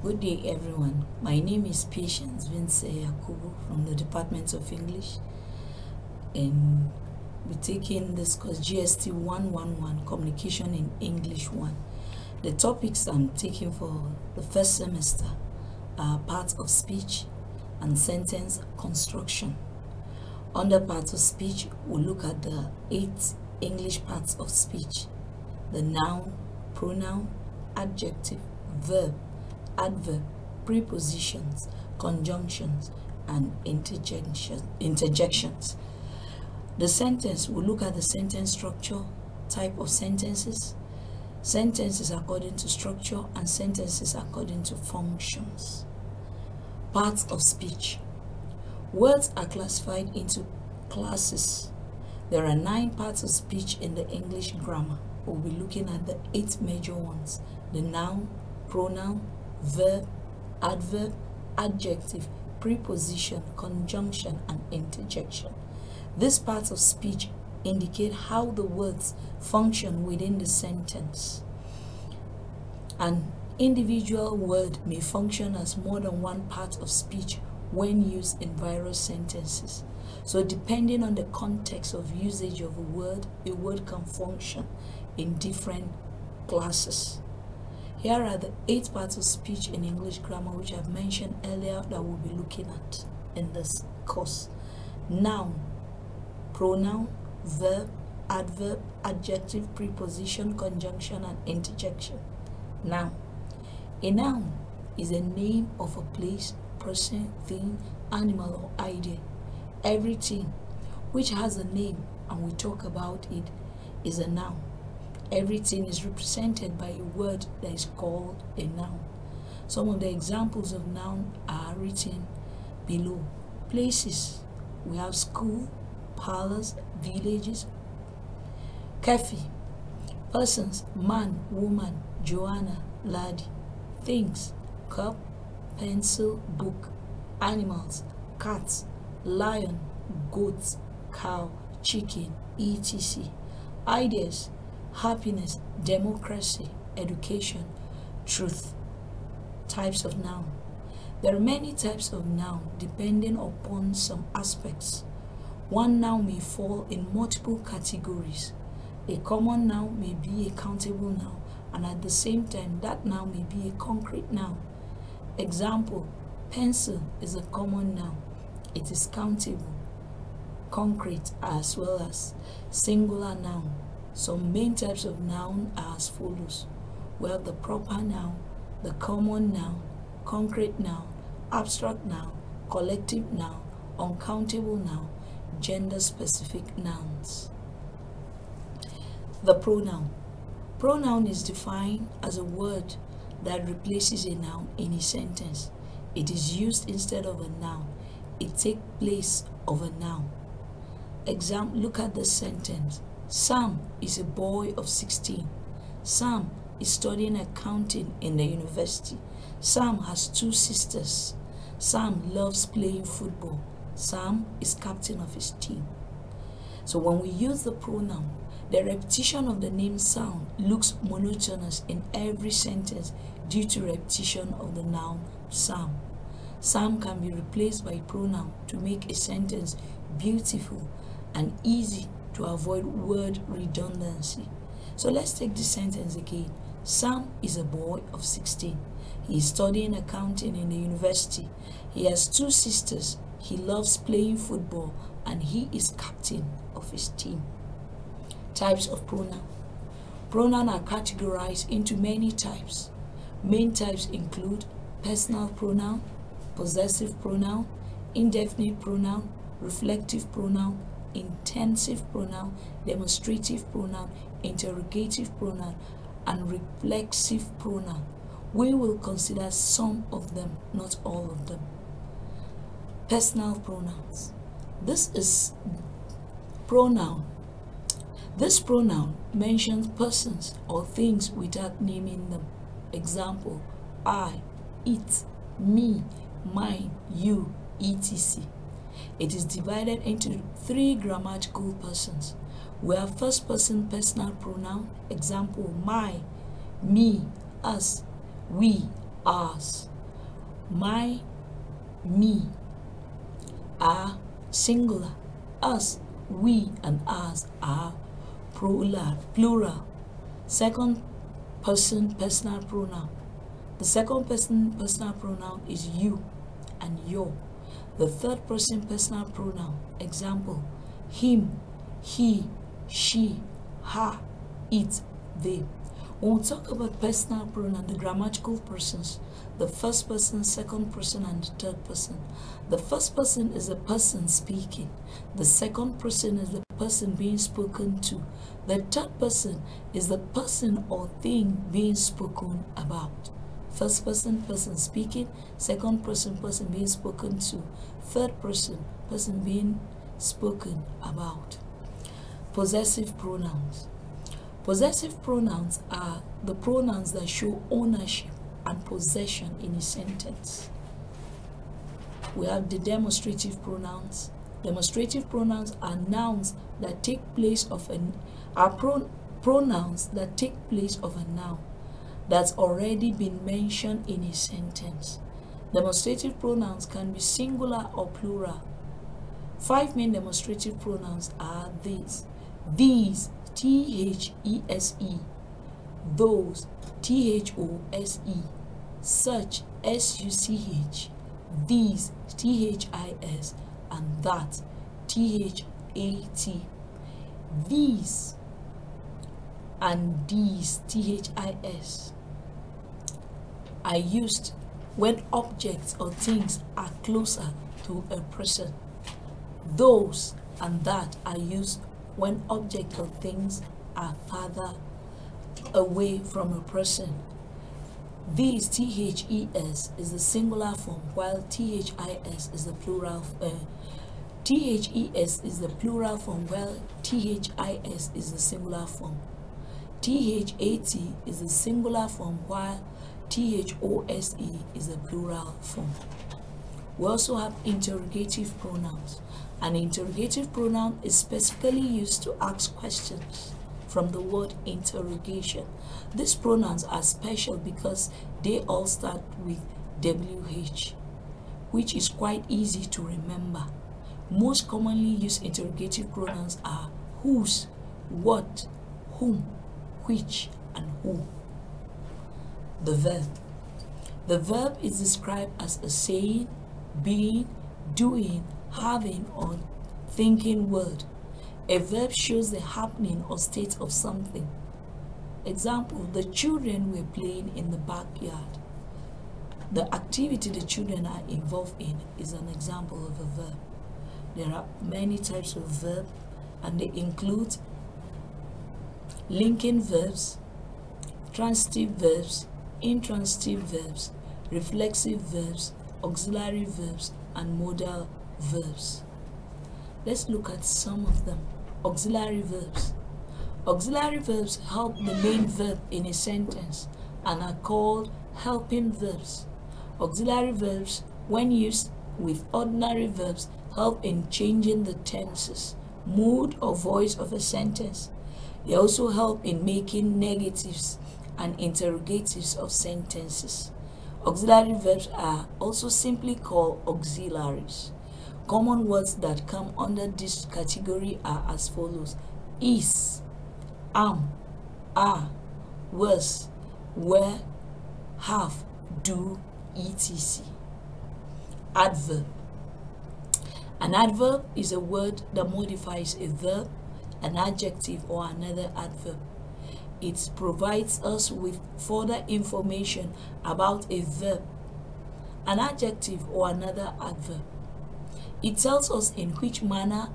Good day, everyone. My name is Patience Vince Yakubu from the Department of English, and we're taking this course GST 111 Communication in English 1. The topics I'm taking for the first semester are parts of speech and sentence construction. Under parts of speech, we'll look at the eight English parts of speech the noun, pronoun, adjective, verb, adverb, prepositions, conjunctions, and interjections. The sentence, we look at the sentence structure, type of sentences, sentences according to structure, and sentences according to functions. Parts of speech. Words are classified into classes. There are nine parts of speech in the English grammar. We'll be looking at the eight major ones, the noun, pronoun, verb, adverb, adjective, preposition, conjunction, and interjection. These parts of speech indicate how the words function within the sentence. An individual word may function as more than one part of speech when used in various sentences. So depending on the context of usage of a word, a word can function in different classes. Here are the eight parts of speech in English grammar which I've mentioned earlier that we'll be looking at in this course. Noun, pronoun, verb, adverb, adjective, preposition, conjunction, and interjection. Noun. A noun is a name of a place, person, thing, animal, or idea. Everything which has a name and we talk about it is a noun. Everything is represented by a word that is called a noun. Some of the examples of noun are written below. Places, we have school, palace, villages, cafe, persons, man, woman, Joanna, laddie, things, cup, pencil, book, animals, cats, lion, goats, cow, chicken, etc. Ideas, happiness, democracy, education, truth. Types of noun. There are many types of noun depending upon some aspects. One noun may fall in multiple categories. A common noun may be a countable noun and at the same time that noun may be a concrete noun. Example, pencil is a common noun. It is countable, concrete as well as singular noun. Some main types of noun are as follows. Well, the proper noun, the common noun, concrete noun, abstract noun, collective noun, uncountable noun, gender-specific nouns. The pronoun. Pronoun is defined as a word that replaces a noun in a sentence. It is used instead of a noun. It takes place of a noun. Example, look at the sentence. Sam is a boy of 16. Sam is studying accounting in the university. Sam has two sisters. Sam loves playing football. Sam is captain of his team. So when we use the pronoun, the repetition of the name Sam looks monotonous in every sentence due to repetition of the noun Sam. Sam can be replaced by pronoun to make a sentence beautiful and easy to avoid word redundancy. So let's take this sentence again. Sam is a boy of 16. He is studying accounting in the university. He has two sisters. He loves playing football and he is captain of his team. Types of pronoun. Pronoun are categorized into many types. Main types include personal pronoun, possessive pronoun, indefinite pronoun, reflective pronoun, intensive pronoun, demonstrative pronoun, interrogative pronoun, and reflexive pronoun. We will consider some of them, not all of them. Personal pronouns. This is pronoun. This pronoun mentions persons or things without naming them. Example, I, it, me, mine, you, etc. It is divided into three grammatical persons, We have first person personal pronoun, example my, me, us, we, us. my, me, are singular, us, we and us are plural, plural. Second person personal pronoun. The second person personal pronoun is you and your the third person personal pronoun. Example, him, he, she, her, it, they. When we talk about personal pronoun, the grammatical persons, the first person, second person, and the third person. The first person is the person speaking. The second person is the person being spoken to. The third person is the person or thing being spoken about. First person, person speaking. Second person, person being spoken to. Third person, person being spoken about. Possessive pronouns. Possessive pronouns are the pronouns that show ownership and possession in a sentence. We have the demonstrative pronouns. Demonstrative pronouns are nouns that take place of an are pro, pronouns that take place of a noun that's already been mentioned in a sentence. Demonstrative pronouns can be singular or plural. Five main demonstrative pronouns are these. These, T-H-E-S-E. Those, T-H-O-S-E. Such, S-U-C-H. These, T-H-I-S. And that, T-H-A-T. These and these, T-H-I-S are used when objects or things are closer to a person. Those and that are used when objects or things are farther away from a person. These THES is the singular form while THIS is the plural uh, THES is the plural form while THIS is the singular form. THAT is the singular form while T-H-O-S-E is a plural form. We also have interrogative pronouns. An interrogative pronoun is specifically used to ask questions from the word interrogation. These pronouns are special because they all start with WH, which is quite easy to remember. Most commonly used interrogative pronouns are whose, what, whom, which, and who the verb. The verb is described as a saying, being, doing, having, or thinking word. A verb shows the happening or state of something. Example, the children were playing in the backyard. The activity the children are involved in is an example of a verb. There are many types of verb and they include linking verbs, transitive verbs, intransitive verbs, reflexive verbs, auxiliary verbs, and modal verbs. Let's look at some of them. Auxiliary verbs. Auxiliary verbs help the main verb in a sentence and are called helping verbs. Auxiliary verbs, when used with ordinary verbs, help in changing the tenses, mood or voice of a sentence. They also help in making negatives and interrogatives of sentences. Auxiliary verbs are also simply called auxiliaries. Common words that come under this category are as follows. Is, am, are, was, were, have, do, etc. Adverb. An adverb is a word that modifies a verb, an adjective or another adverb it provides us with further information about a verb, an adjective or another adverb. It tells us in which manner,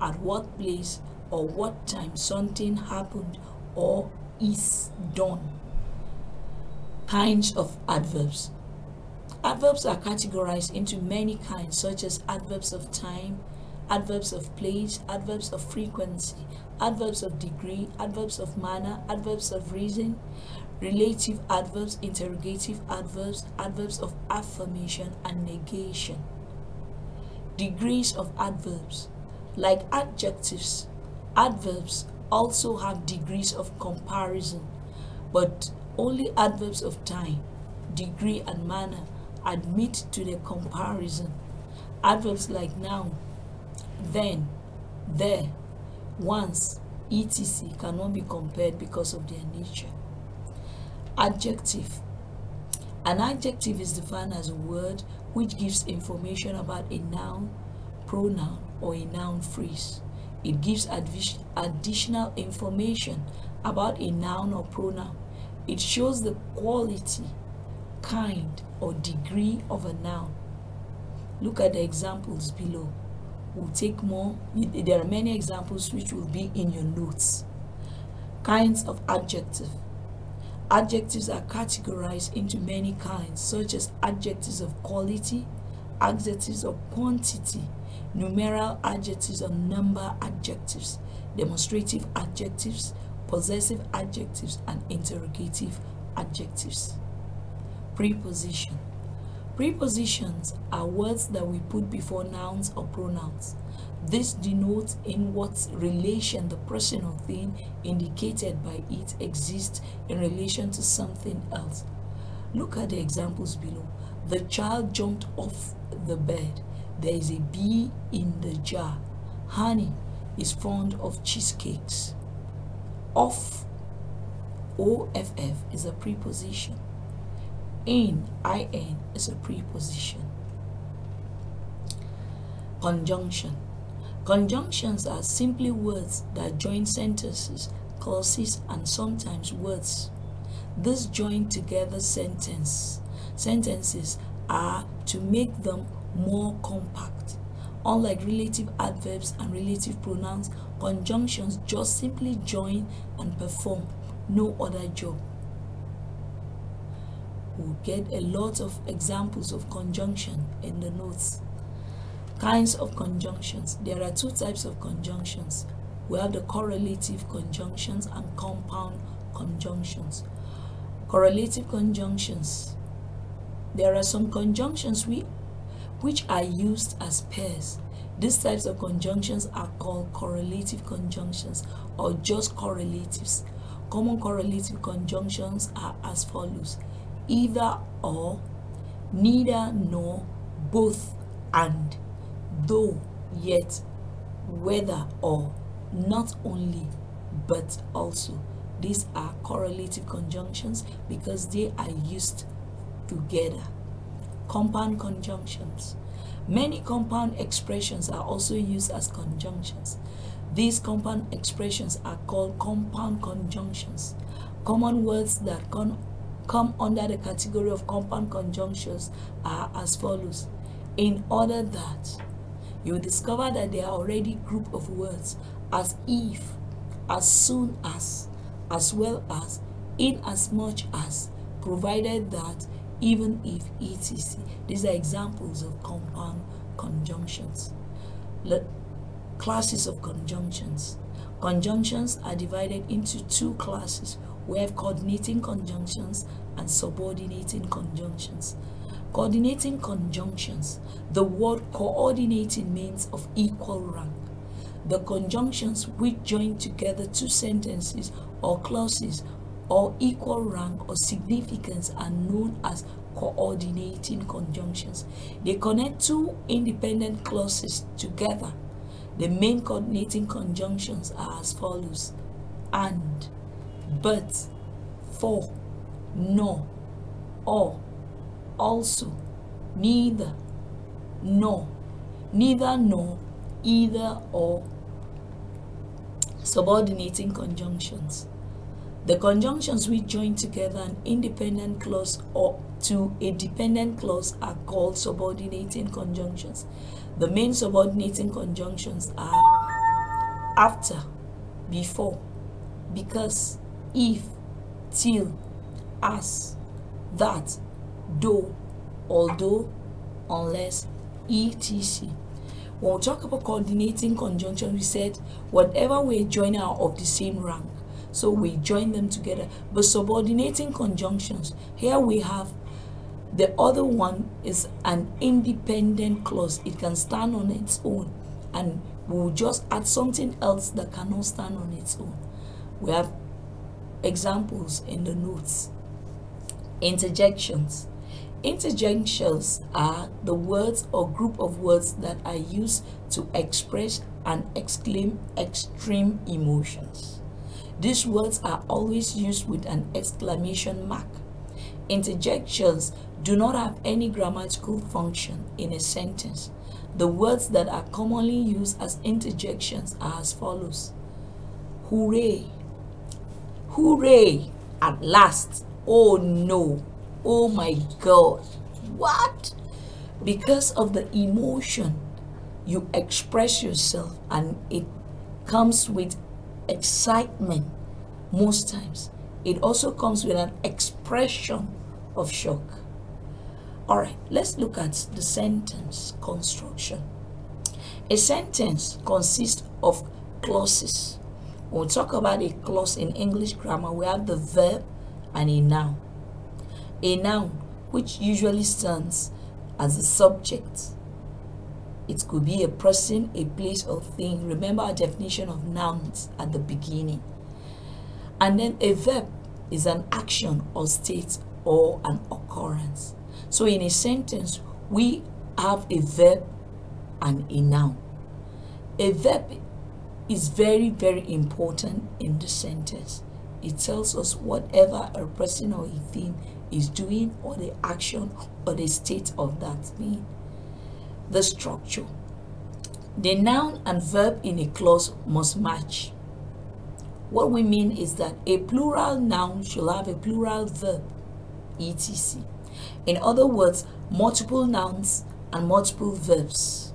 at what place, or what time something happened or is done. Kinds of adverbs. Adverbs are categorized into many kinds such as adverbs of time, adverbs of place, adverbs of frequency, adverbs of degree, adverbs of manner, adverbs of reason, relative adverbs, interrogative adverbs, adverbs of affirmation and negation. Degrees of adverbs. Like adjectives, adverbs also have degrees of comparison, but only adverbs of time, degree and manner admit to the comparison. Adverbs like noun then, there, once, etc. cannot be compared because of their nature. Adjective. An adjective is defined as a word which gives information about a noun, pronoun, or a noun phrase. It gives additional information about a noun or pronoun. It shows the quality, kind, or degree of a noun. Look at the examples below will take more. There are many examples which will be in your notes. Kinds of adjective. Adjectives are categorized into many kinds, such as adjectives of quality, adjectives of quantity, numeral adjectives or number adjectives, demonstrative adjectives, possessive adjectives, and interrogative adjectives. Preposition. Prepositions are words that we put before nouns or pronouns. This denotes in what relation the person or thing indicated by it exists in relation to something else. Look at the examples below. The child jumped off the bed. There is a bee in the jar. Honey is fond of cheesecakes. Off, OFF, is a preposition in, in is a preposition. Conjunction. Conjunctions are simply words that join sentences, clauses, and sometimes words. These join together sentence. sentences are to make them more compact. Unlike relative adverbs and relative pronouns, conjunctions just simply join and perform no other job. We'll get a lot of examples of conjunction in the notes. Kinds of conjunctions. There are two types of conjunctions. We have the correlative conjunctions and compound conjunctions. Correlative conjunctions. There are some conjunctions we, which are used as pairs. These types of conjunctions are called correlative conjunctions or just correlatives. Common correlative conjunctions are as follows either or, neither nor, both and, though, yet, whether or, not only, but also. These are correlative conjunctions because they are used together. Compound conjunctions. Many compound expressions are also used as conjunctions. These compound expressions are called compound conjunctions. Common words that con come under the category of compound conjunctions are as follows, in order that you discover that they are already group of words as if, as soon as, as well as, in as much as, provided that, even if, etc. These are examples of compound conjunctions. Le classes of conjunctions. Conjunctions are divided into two classes we have coordinating conjunctions and subordinating conjunctions. Coordinating conjunctions. The word coordinating means of equal rank. The conjunctions which join together two sentences or clauses or equal rank or significance are known as coordinating conjunctions. They connect two independent clauses together. The main coordinating conjunctions are as follows and but, for, no, or, also, neither, no, neither, no, either, or. Subordinating conjunctions. The conjunctions which join together an independent clause or to a dependent clause are called subordinating conjunctions. The main subordinating conjunctions are after, before, because, if, till, as, that, though, although, unless, etc. When we talk about coordinating conjunction, we said whatever we join are of the same rank. So we join them together. But subordinating conjunctions, here we have the other one is an independent clause. It can stand on its own and we'll just add something else that cannot stand on its own. We have Examples in the notes. Interjections. Interjections are the words or group of words that are used to express and exclaim extreme emotions. These words are always used with an exclamation mark. Interjections do not have any grammatical function in a sentence. The words that are commonly used as interjections are as follows. Hooray! Hooray! At last. Oh no. Oh my God. What? Because of the emotion, you express yourself and it comes with excitement most times. It also comes with an expression of shock. All right, let's look at the sentence construction. A sentence consists of clauses when we talk about a clause in English grammar, we have the verb and a noun. A noun, which usually stands as the subject. It could be a person, a place, or thing. Remember our definition of nouns at the beginning. And then a verb is an action or state or an occurrence. So in a sentence, we have a verb and a noun. A verb is very, very important in the sentence. It tells us whatever a person or a thing is doing or the action or the state of that thing. The structure. The noun and verb in a clause must match. What we mean is that a plural noun should have a plural verb, etc. In other words, multiple nouns and multiple verbs.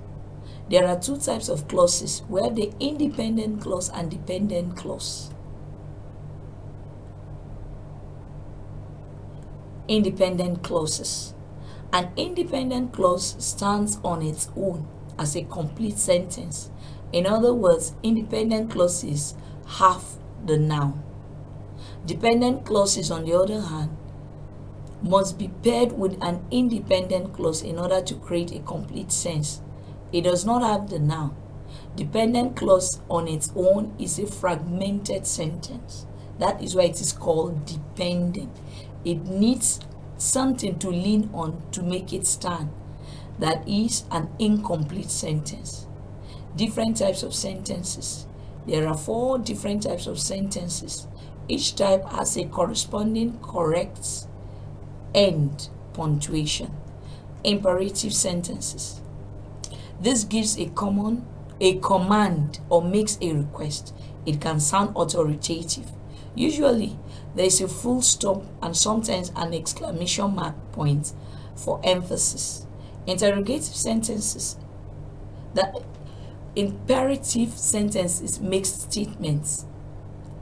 There are two types of clauses. We have the independent clause and dependent clause. Independent clauses. An independent clause stands on its own as a complete sentence. In other words, independent clauses have the noun. Dependent clauses, on the other hand, must be paired with an independent clause in order to create a complete sense. It does not have the noun. Dependent clause on its own is a fragmented sentence. That is why it is called dependent. It needs something to lean on to make it stand. That is an incomplete sentence. Different types of sentences. There are four different types of sentences. Each type has a corresponding correct end punctuation. Imperative sentences. This gives a common a command or makes a request. It can sound authoritative. Usually, there is a full stop and sometimes an exclamation mark point for emphasis. Interrogative sentences. The imperative sentences makes statements.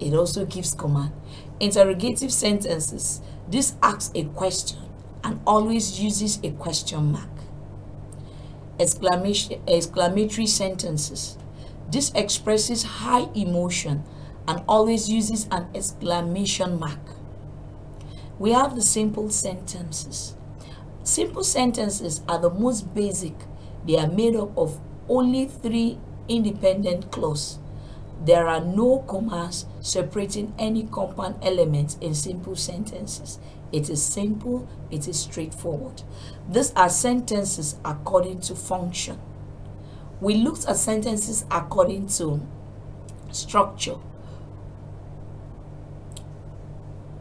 It also gives command. Interrogative sentences. This asks a question and always uses a question mark. Exclamation exclamatory sentences. This expresses high emotion and always uses an exclamation mark. We have the simple sentences. Simple sentences are the most basic. They are made up of only three independent clauses. There are no commas separating any compound elements in simple sentences. It is simple, it is straightforward. These are sentences according to function. We looked at sentences according to structure.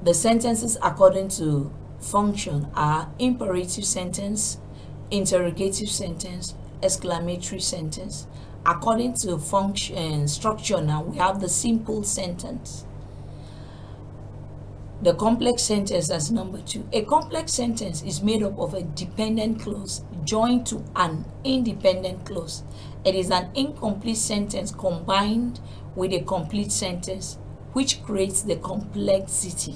The sentences according to function are imperative sentence, interrogative sentence, exclamatory sentence, according to function uh, structure now we have the simple sentence the complex sentence as number two a complex sentence is made up of a dependent clause joined to an independent clause it is an incomplete sentence combined with a complete sentence which creates the complexity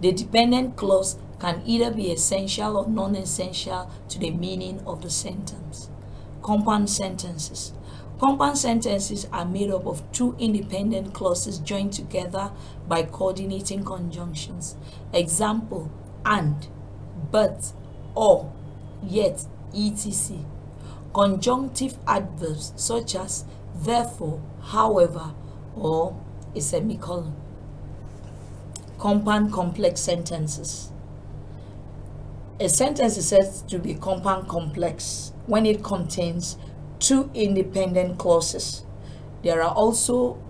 the dependent clause can either be essential or non-essential to the meaning of the sentence compound sentences Compound sentences are made up of two independent clauses joined together by coordinating conjunctions. Example, and, but, or, yet, etc. Conjunctive adverbs such as therefore, however, or a semicolon. Compound complex sentences. A sentence is said to be compound complex when it contains two independent clauses. There are also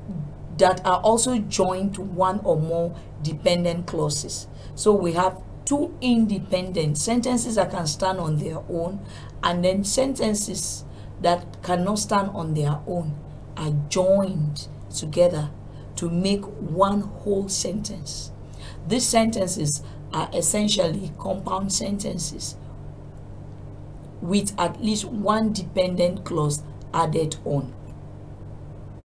that are also joined to one or more dependent clauses. So we have two independent sentences that can stand on their own and then sentences that cannot stand on their own are joined together to make one whole sentence. These sentences are essentially compound sentences with at least one dependent clause added on.